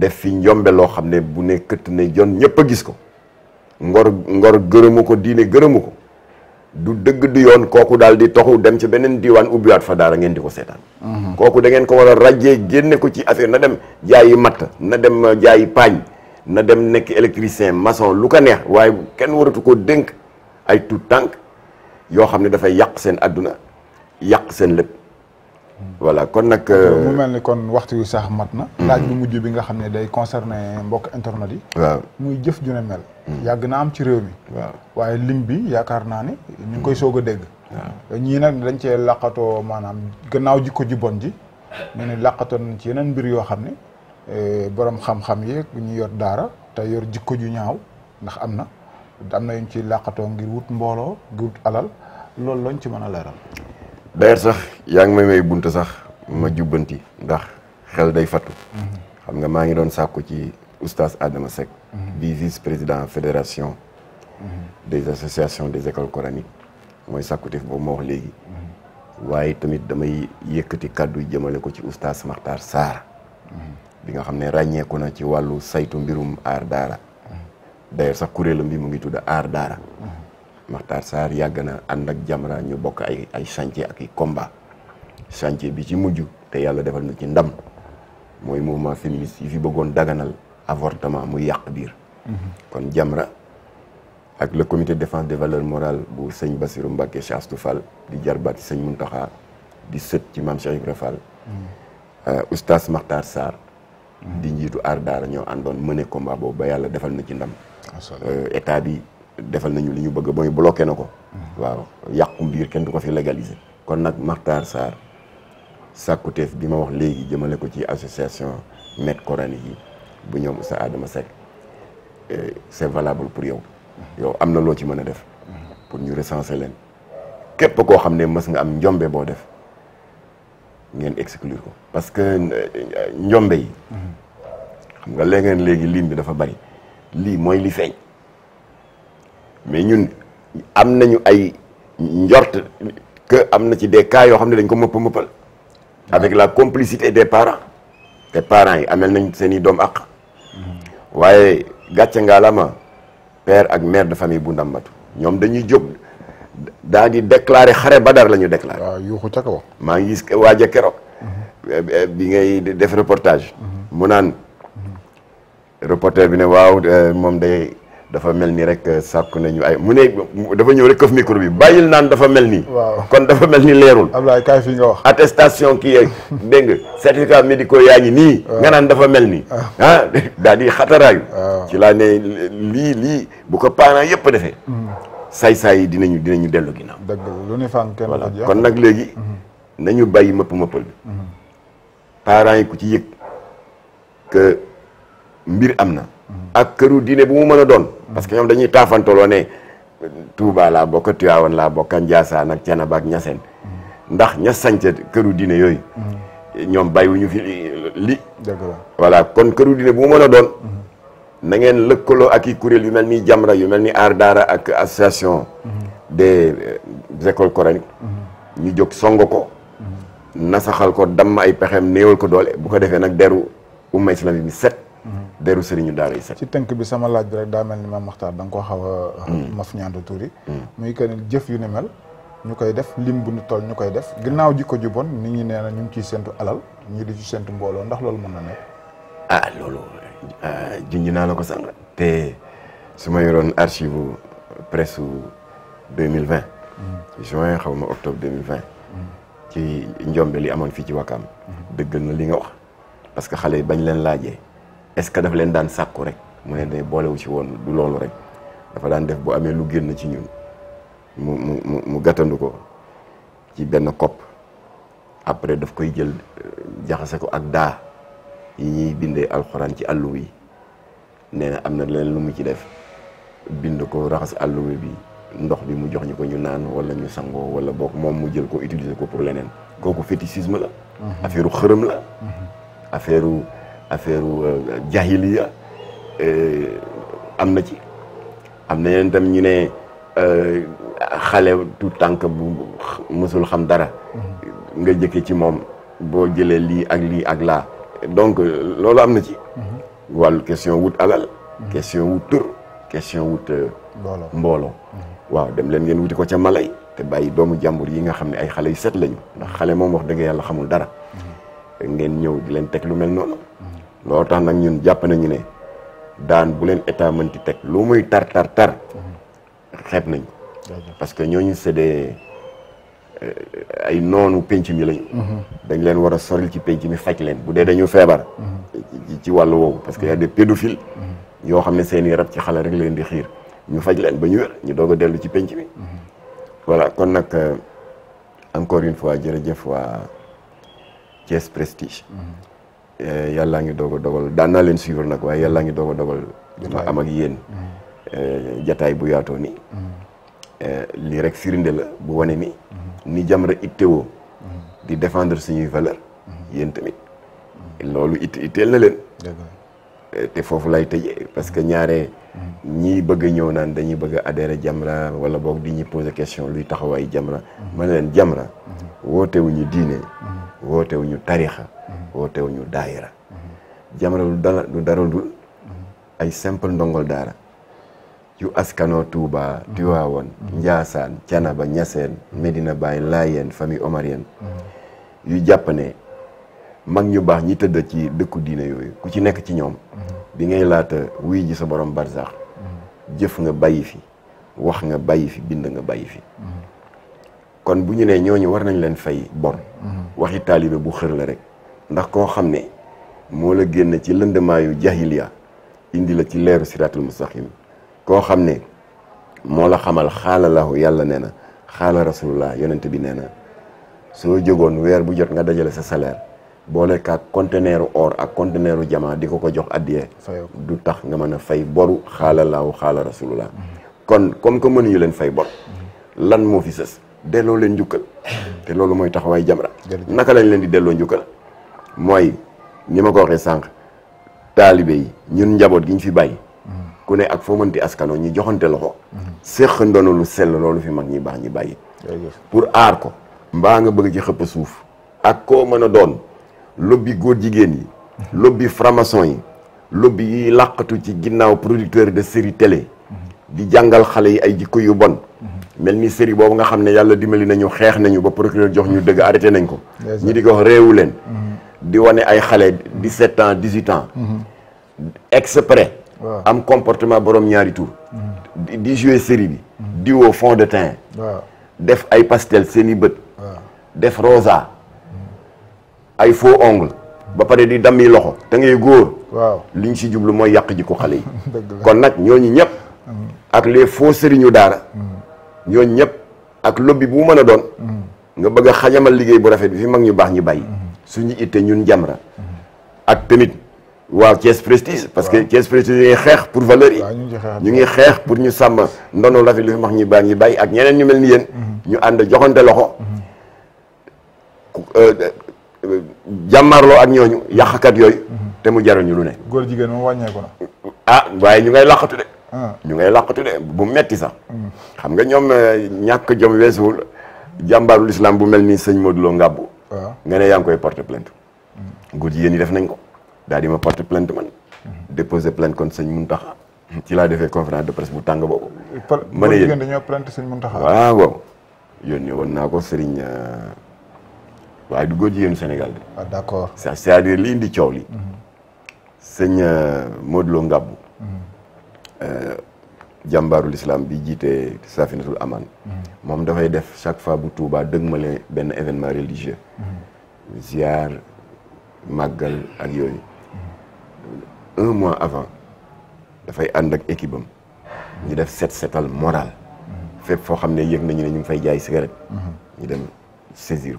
def fi njombe loo xam ne bu ne këtt ne jon ñëpp a gis ko ngor ngor gërëmu ko diine gërëmu ko du dëgg du yoon kooku daal di toxu dem ci beneen diwaan ubbiwaat fa daara ngeen di ko seetaan mhm. kooku da ngeen ko war a rajjee génne ko ci affaire na dem jaayi matt na dem jaayi paañ na dem nekk électricien mason lu ko neex waaye kenn waratu koo dénk ay tout tànk yoo xam ne dafay yàq seen àdduna yàq seen lépp voilà kon nag. Euh, mu mel ni kon waxtu yu sax mat na. Mm-hmm. laaj bu mujj bi nga xam ne day concerné mbokk internet yi. muy jëf ju ne mel. Mm-hmm. yàgg na am ci réew mi. waaw waaye lim bi yaakaar naa ni. ñu ngi koy soog a dégg. ñii nag dañ cee laqatoo maanaam gannaaw jikko ji bon ji. ñu ne laqatoon nañ ci yeneen mbir yoo xam ne eh, borom xam-xam yi ñu yor daara te yor jikko ju ñaaw ndax am na am na yuñ ci laqatoo ngir wut mbooloo ngir wut alal loolu lañ ci mën a leeral. d'ailleurs sax yaa ngi may may bunt sax ma jubbanti ndax xel day fattu xam nga maa ngi doon sàkku ci oustaz Adama Seck di vice président fédération des associations des écoles coraniques mooy sàkkutif boobu ma wax léegi waaye tamit damay yëkkati kàddu jëmale ko ci oustaz maxtar Sarr bi nga xam ne ràññeeku na ci wàllu saytu mbirum aar daara d'ailleurs sax kuréelam bi mu ngi tudd aar daara Makhtar sar yàgg na Jamra ñu bok ay ay chantier ak combat chantier bi ci muju te yalla defal na ci ndam moy mouvement féministe yi fi bëggoon daganal avortement muy yaq bir mhm. kon Jamra ak le comité de défense des valeurs morales bu seigne Bassirou Mbacké Chastou Fall di jarbat seigne di seut ci mam Cheikh Ibra mhm. euh oustaz Makhtar sar di mhm. njitu aar daara ñoo àndoon mëne combat bo ba yalla defal na ci ndam euh, état bi defal nañu li ñu bëgg mooy bloqué na ko. waaw yàqu biir kenn du ko fi légaliser. kon nag Makhtar Sarr sàkkuteef bi ma wax léegi jëmale ko ci association maîtres coraniques yi bu ñoom Oustaz Adama Seck eh, c'est valable pour yow. yow am na loo ci mën a def. pour ñu recenser leen. képp koo xam ne mës nga am njombe boo def ngeen exclure ko parce que eh, njombe yi. Mm-hmm. xam nga léegi léegi lim bi dafa bari lii mooy li feeñ. mais ñun am nañu ay njort que am na ci des cas yoo xam ne dañ ko mëpp mëppal avec la complicité des parents te parents yi amel nañ seen i doom ak waaye gàcce ngaalama père ak mère de famille bu ndàmbatu ñoom dañuy jóg daa di déclaré xare badar la ñu déclaré. waaw yuuxu ca kaw. maa ngi gis waaja keroog. Mhm. bi ngay def reportage. Mhm. mu naan mhm. reporter bi ne waaw euh, moom day. dafa mel ni rek euh, sàkku nañu ay mu ne dafa ñëw rek këf micro bi bàyyil naan dafa mel ni waaw kon dafa mel ni leerul. Ablaye kaay fi wax. attestation ki yeeg dégg nga certificat médicaux yaa ngi nii. nga naan dafa mel ni ah. ah daal di xataraayu. ci laa ne lii lii bu ko parents yëpp defee. Mm. say-say yi dinañu dinañu dellu ginnaaw. dëgg lu ni fan kon nag léegi. Mm-hmm. nañu bàyyi mëpp mëppal bi. Mm-hmm. parents yi ku ci yëg que mbir am na. Mm-hmm. ak këru diine bu mu mën a doon. parce que ñoom dañuy taafantaloo ne Touba laa bokk Tivaouane laa bokk Ndiassane ak Thiénaba ak Niassène ndax ña sanc këru diine yooyu ñoom bay bàyyiwuñu fi li voilà kon këru diine bu mu mën a doon na ngeen lëkkaloo ak i kuréel yu mel nii Jamra yu mel ni Aar Daara ak association des écoles coraniques ñu jóg song ko nasaxal ko damm ay pexem néewal ko doole bu ko defee nag deru umma islamique bi set deru serigne daara isa ci tank bi sama laaj bi rek da melni ma maam dang da nga ko xaw a mm. maf ñaandu tuuri mm. muy que ni jëf yu ne mel ñukay def limbu ñu toll ñukay def ginaaw jikko jubon ñi neena ñu ci sentu alal ñi di ci sentu mbolo ndax lool mëna ah lool ah, junj naa la ko sang te suma yoron archive presse 2020 juin mm. xaw ma octobre 2020 ci njombe li amone fi ci Wakam dëggal na li nga wax parce que xalé bañ leen est-ce que dafa leen daan sàkku rek mu ne day boolewu ci woon du loolu rek dafa daan def boo amee lu génn ci ñun mu mu mu mu ci benn kopp après daf koy jël euh, jaxase ko ak daa yi ñuy bindee alxuraan ci àlluwa yi nee na am na leen lu mu ci def bind ko raxas àlluwa bi ndox bi mu jox ñu ko ñu naan wala ñu sangoo wala bokk moom mu jël ko utiliser ko pour leneen kooku fétichisme la mhm. affaireu xërëm la mhm. affaireu affaire euh, jahiliya euh, am na ci am na yeneen tam ñu ne euh, xale tout tànk bu mësul xam dara mm-hmm. nga jëkk ci moom boo jëlee lii ak lii ak laa donc loolu am na ci mm-hmm. wàllu question wut alal mm-hmm. question wut tur question wut mbooloo waaw dem leen ngeen wuti ko ca malay te bàyyi doomu jàmbur yi nga xam ne ay xale yu set lañu ndax xale moom wax dëgg yàlla xamul dara ngeen ñëw leen teg lu mel noonu loo tax nag ñun jàpp nañu ne daan bu leen état mënti teg lu muy tar tar tar xeeb nañ parce que ñooñu c'est des euh, ay noonu penc mi lañu. Mhm. dañ leen war a soril ci penc mi faj leen bu dee dañu feebar. Mhm. ci wàllu woowu parce que y a des pédophiles. Mhm. yoo xam ne seen i rab ci xale rek leen di xiir ñu faj leen ba ñu wér ñu doog a dellu ci penc mi. voilà kon nag euh, encore une fois jërëjëf waa Thiès Prestige. Eh, yàllaa ngi doog a dogal daan naa leen suivre nag waaye yàllaa ngi doog a dogal. ma am ak yéen. Eh, jataay bu yaatoo ni mm-hmm. eh, lii rek firnde la bu wane ni. Mm-hmm. ni Jamra ittewoo. Mm-hmm. di défendre suñuy valeur yéen tamit loolu it itteel na leen. te foofu lay tëjee parce que ñaare. ñii bëgg a ñëw naan dañuy bëgg a adhérer Jamra wala boog di ñu poser question luy taxawaayu Jamra. ma ne leen Jamra. wootewuñu diine. wootewuñu tarixa wootewuñu daayira Jamra du dara dul ay simple ndongol daara yu askanoo Touba Tiwaawoon Njaasaan Canaba Ñaseen Medina Baay Laayeen famille omarienne yu jàpp mag ñu baax ñi tëdd ci dëkku diine yooyu ku ci nekk ci ñoom bi ngay laata wuy ji sa borom barsax jëf nga bàyyi fi wax nga bàyyi fi bind nga bàyyi fi kon bu ñu nee ñooñu war nañ leen fay bor waxi taalibe bu xër la rek ndax ko xamne ne la genn ci yu jahiliya indi la ci leeru siratul mustaqim ko xamne ne la xamal xaala lahu yàlla na rasulullah yonent bi neena so jogon jógoon weer bu jot nga dajale sa salaire ka or ak conteneeru jama di ko ko jox addiyee du tax nga mën fay boru lahu khala rasulullah kon comme ko mënuñu leen fay bor lan mo fi ses delo len jukal te lolu moy taxaway jamra naka lañ len di delo jukal. mooy ñi ma ko waxee sànq taalibe yi ñun njaboot gi ñu fi bàyyi. Mm. ku ne ak foo mënti askanoo ñu joxante loxo. Mm. séq ndono lu sell loolu fi mag ñi baax ñi bàyyi. pour aar ko. mbaa nga bëgg ci xëpp suuf. ak koo mën a doon lobby góor jigéen yi. Mm-hmm. lobby franc-maçon yi. lobby yiy làqatu ci ginnaaw producteur de série télé. Mm-hmm. di jàngal xale yi ay jikko yu bon. Mm-hmm. mel ni série boobu nga xam ne yàlla dimbali nañu xeex nañu ba procureur jox ñu dëgg arrêté nañ ko. ñi di ko wax réewu di ay 17 ans 18 ans. exprès. am comportement borom ñaari tour di jouer série di fond de teint. def ay pastel beut def rosa. ay faux ba di dami loxo da ngay li ko kon mm. ak les faux sëriñu dara mm. ñooñu ñëpp ak lobby bu mm. nga bëgg suñu itte ñun Jamra ak tamit waaw Thiès Prestige parce que Thiès Prestige ñu ngi xeex pour valeur yi ñu ngi xeex pour ñu sàmm ndono la fi li fi wax ñi baax ñi bàyyi ak ñeneen ñu mel ni yéen mhm. ñu ànd joxante loxo euh, euh, jàmmarloo ak ñooñu yàqkat yooyu mhm. te mu jaral ñu lu ne góor jigéen moom wàññeeku ah waaye ñu ngay làqatu de ah. ñu ngay làqatu de bu metti sax mhm. xam nga ñoom euh, ñàkk jom weesuwul jàmbaarul islam bu mel ni sëñ Modou Lo nga ne yaa koy porter plainte góor jigéen ñi def nañ ko dal di ma porter plainte man déposer plainte contre seigne muntaha ci la defee conférence de presse bu tang bobu ma ne yéen dañoo plainte seigne muntaha waaw waaw yónni woon naa ko sëriñ euh, waaye du góor jigéenu Sénégal de ah d'accord c'est-à-dire li indi ciow li mhm. seigne euh, modlo Lo Ngabou mhm. euh, Je l'Islam bi jité safinatul aman mm-hmm. da fay def chaque fois bu Touba ben événement religieux mm-hmm. ziar Magal ak mm-hmm. un mois avant je and ak équipe am set setal moral fo xamné nañu ñu fay jaay cigarette ñu saisir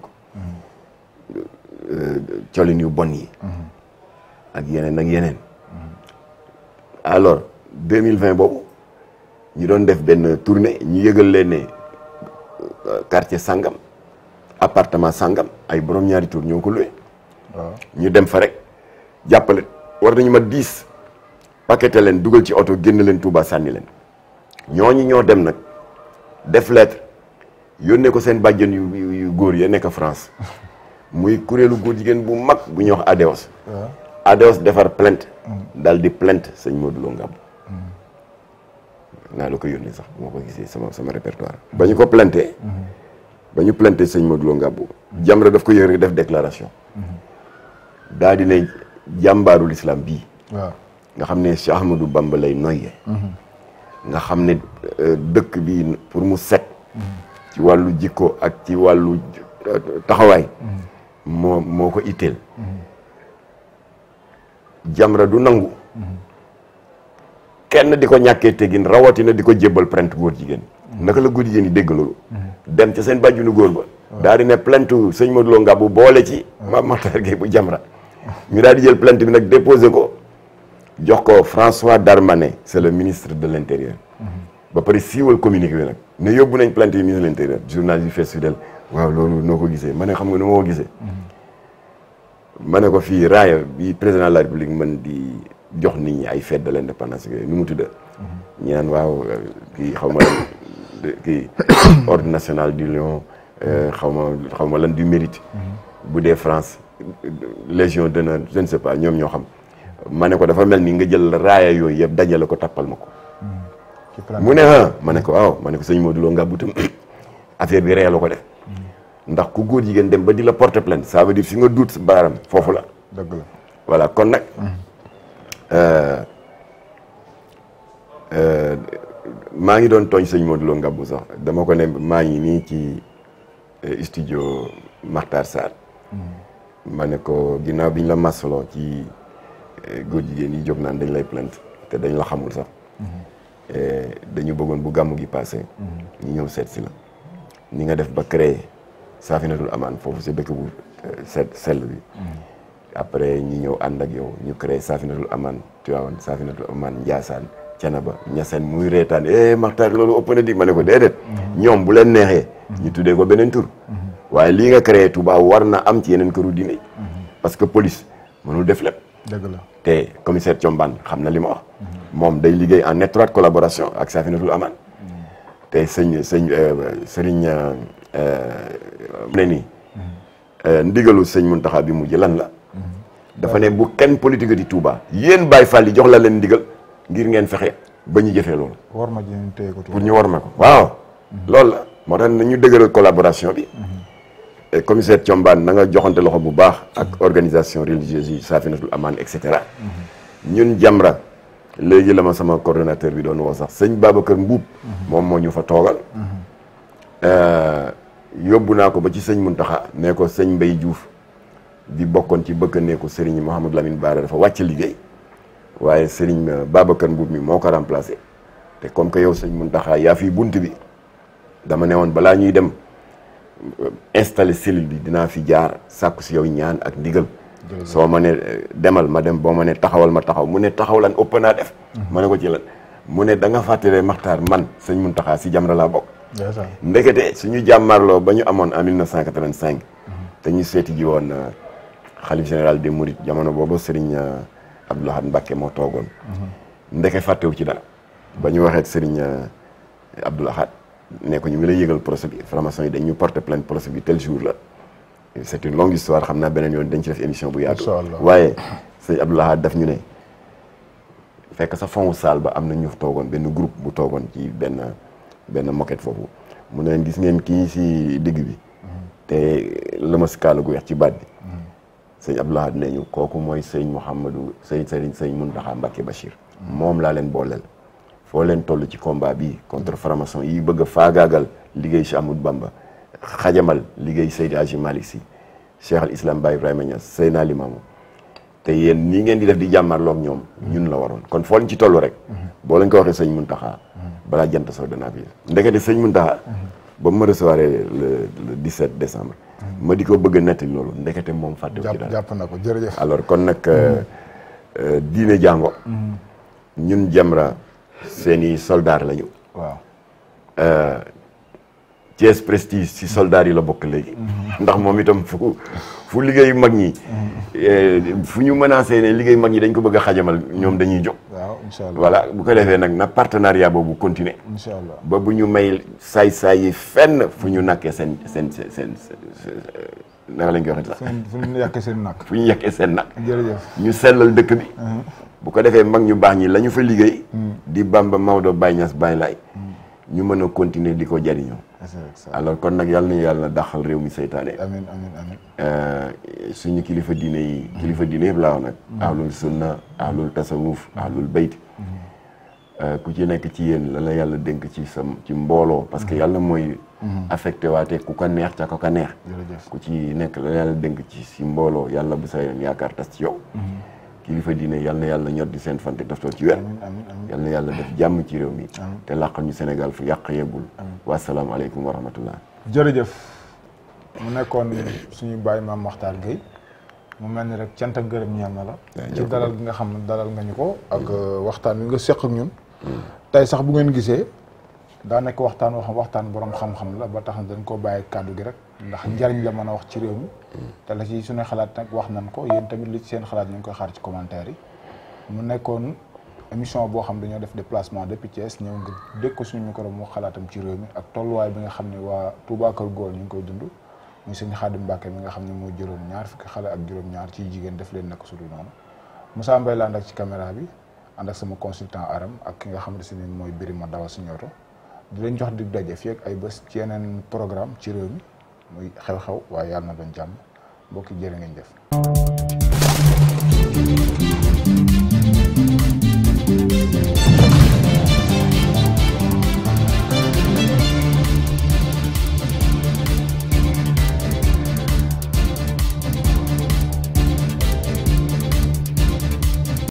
alors 2020 ñu doon def ben tournée ñu yëgal leen né euh, quartier sangam appartement sangam ay borom ñaari tour ñoko ko loué. ñu dem fa rek jappalé war nañu ma 10 paqueté leen duggal ci auto genn leen Touba sanni leen ñoo dem nak def lettre yone ko seen badjen yu yu ya nek France muy kurelu goor jigen bu mak bu ñuy wax ADEOS. ADEOS defar plainte. Mm. dal di plainte seigne Modou ngam naa la ko yónnee sax moo ko gisee sama sama répertoire. ba ñu ko planté. ba ñu planté sëñ Modou Lo Ngabou. Jamra daf ko yër def déclaration. daa di ne jàmbaarul islam bii. waaw nga xam ne Cheikh Ahmadou Bamba lay noyyee. nga xam ne euh, dëkk bii pour mu set. ci wàllu jikko ak ci wàllu euh, taxawaay. moo moo ko itteel. Mm-hmm. Jamra du nangu. Mm-hmm. kenn di ko ñàkkee teggin rawatina di ko jébbal plainte góor jigéen naka la góor jigéen yi dégg loolu dem ca seen bàjjunu góor ba daal di ne plainte sëñ Modou Lo nga bu boole ci ma Makhtar Gueye bu Jamra ñu daal di jël plainte bi nag déposé ko jox ko François Darmanin c'est le ministre de l'intérieur mm-hmm. ba pare siiwal communique bi nag ne yóbbu nañ plainte yi ministre de l'intérieur journaliste bi fees fidèle waaw loolu noo ko gisee ma ne xam nga nu ma ko mm-hmm. ma ne ko fii raaya bi président la république mën di jox nit ñi ay fête de l'indépendance yooyu nu mu tudda ñaan waaw kii xaw ma kii ordre national du lion euh, xaw ma lan du mérite bu dee France légion d'honneur je ne sais pas ñoom ñoo xam ma ne ko dafa mel ni nga jël raaya yooyu yëpp dajale ko tappal ma ko mu ne ah ma ne ko waaw ma ne ko sëñ Modou Lo nga butam affaire bi ree la ko def ndax ku góor jigéen dem ba di la porter plainte ça veut dire fi nga duut baaram foofu la dëgg la voilà kon nag mm-hmm. maa ngi doon tooñ sëñ Modou Lo Ngabou sax dama ko ne maa ngi nii ci eh, studio maxtar Sarr mm-hmm. ma ne ko ginnaaw bi ñu la masaloo ci eh, góor jigéen yi jóg naan dañ lay plant te dañ la xamul sax mm-hmm. eh, dañu bëggoon bu gàmmu gi passé mm-hmm. ñu ñëw seet si la ni nga def ba créer Safinatul Aman foofu si dëkk bu sell bi après ñu ñëw and ak yow ñu créer Safinatul Aman Tiwaawan Safinatul Aman Ndiassane Thiénaba ñassen muy reetaan eh Maxtaar loolu ëpp na di mana ne ko déedéet. ñoom mhm. bu len nexé ñu mhm. tuddé ko benen tur. Mhm. waye li nga créer Touba warna am ci yenen këru diiné parce que police mënu def lepp deug la té commissaire xamna wax. mom day liggéey en étroite collaboration ak Safinatul Aman. te señ señ Serigne neni euh, euh, euh nii. Euh, ndigalu señ muntaha bi mujj lan la. dafa ne bu kenn politique di Touba yéen Baye Fall yi jox la leen ndigal ngir ngeen fexe ba ñu jëfee loolu. war ma ñu pour ñu war ma ko waaw. Mhm. loolu la moo tax ñu dëgëral collaboration bi. Mhm. et commissaire Thiombane nanga joxante loxo bu baax ak organisation religieuse yi Safinatul Amaan et cetera. Mhm. ñun Jamra léegi la ma sama coordonnateur bi doon woo sax sëñ kër Mbuub moom moo ñu fa toogal. Euh, yóbbu naa ko ba ci sëñ Muntaxa nee ko sëñ Mbay Juuf di bokon ci bëkkaneeku Serigne Mouhamadou Lamine Bara dafa wacc liggéey waye Serigne Babacar Mbuub mi plaza. remplacer té te comme que yow serigne muntaha ya fi buntu bi dama bala ñuy dem installer cellule bi dina fi jaar sakku ci yow ñaan ak ndigal So ma demal ma dem bo ma ne taxawal ma taxaw mu ne taxaw lan ëpp naa def mhm. ma ko ci lan mu né da nga fatéré man sering muntaha ci Jamra labok. bok ndekete suñu jamarlo bañu amone amin en 1985 dañu séti ji won euh, xalif général des Mourides jamono boobu Serigne euh, Abdoul Ahad Mbacke moo toogoon. Mhm. ndeke fàttewu ci dara. ba ñu waxee ak Serigne euh, Abdoul Ahad ñu ngi lay yëgal procès bi franc-maçon yi dañ ñu porter plainte procès bi tel jour la. c'est une longue histoire xam naa beneen yoon dañ ci def émission bu yaatu. waaye Serigne Abdoul Ahad daf ñu ne. fekk sa fond saal ba am na ñu toogoon benn groupe bu toogoon ci benn benn moquette foofu mu ne leen gis ngeen ki si digg bi. Mhm. te lëmas kaala gu weex ci baat bi. sëñ Abdou Lahad nee ñu kooku mooy sëñ Mouhamadou sëñ sëriñ sëñ Mountakha Mbacké Bachir. moom laa leen booleel. foo leen toll ci combat bi contre franc-maçon yi bëgg faagaagal liggéey Cheikh Ahmadou Bamba xajamal liggéey Seydi Hadji Malick Sy Cheikh al Islam Baye Ibrahima Niass Seydina Limamou te yéen nii ngeen di def di jàmmarloog ñoom ñun la waroon kon foo leen ci toll rek boo leen ko waxee sëñ Mountakha balaa jant soo danaa fi ndekete sëñ Mountakha ba mu ma recevoir le 17 décembre ma di ko bëgg a nettali loolu ndekete moom fàtte ci jàpp na ko jërëjëf alors kon nag euh, euh, diine jàngo mm. ñun Jamra seeni soldaar lañu waaw euh, Thiès Prestige si soldaar yi la bokk léegi mm-hmm. ndax moom itam fu fu liggéeyu mag ñi mm-hmm. fu ñu menacé ne liggéeyu mag ñi dañ ko bëgg xajamal ñoom dañuy jóg waaw incha allah voilà bu ko defee nag na partenariat boobu continuer. incha ba bu ñu may saay-saay yi fenn fu ñu nakkee seen seen seen seen naka la ñu seen nakk. fu ñu yàqee seen nakk. jërëjëf ñu sellal dëkk bi. Uh-huh. bu ko defee mag ñu baax ñi la ñu fa liggéey. Hmm. di ba Maodo Baye Niass Baye Laye. Hmm. ñu mën a continuer di ko jariñoo alors kon nag yàlla na yàlla daxal réew mi seytaane amiin amiin amiin euh, suñu kilifa diine yi kilifa diine yëpp laa wax nag mm-hmm. ahlul sunna ahlul tasawuf mm-hmm. ahlul bayt mm-hmm. euh, ku ci nekk ci yéen la yàlla dénk ci sa ci mbooloo parce que yàlla mooy affecté waate ku ko neex ca ko ko neex ku ci nekk la yàlla dénk ci si mbooloo yàlla bu sa yaakaar tas ci yow kilifa diine yalla yalla ñor di sen fante dafto ci wer yalla yalla def jamm ci rew mi te làqal ñu senegal fu yaq yeggul wa assalamu alaykum wa rahmatullah jef mu nekkon suñu bàyyi mam Makhtar Gueye mu melni rek cant geureum gërëm na la ci dalal gi nga xam dalal nga ñuko ak euh, waxtaan nga sekk ak ñun hmm. tay sax bu ngeen gisee da nek waxtaan wax borom xam-xam la ba tax dañ ko baye gi rek ndax njariñ la mëna wax ci rew mi te la ci suñu xalaat nag wax nañ ko yéen tamit li ci seen xalaat ñu ngi koy xaar ci commentaire yi mu nekkoon émission boo xam dañoo def déplacement depuis Thiès ñëw nga dégg ko suñu micro mu xalaatam ci réew mi ak tolluwaay bi nga xam ne waa Touba Góor ñu ngi koy dund muy sëñ Xaadim Mbàkke mi nga xam ne moo juróom ñaar fukki xale ak juróom-ñaar ci jigéen def leen nekk sudul noonu Moussa Mbaye la ànd ak ci caméra bi ànd ak sama consultant aram ak ki nga xam ne mooy Birima Dawa Siñoto di leen jox dig daje fii ay bés ci yeneen programme ci réew mi muy xew-xew waaye yàlla na doon jàmm mbokki jërë ngeen jëf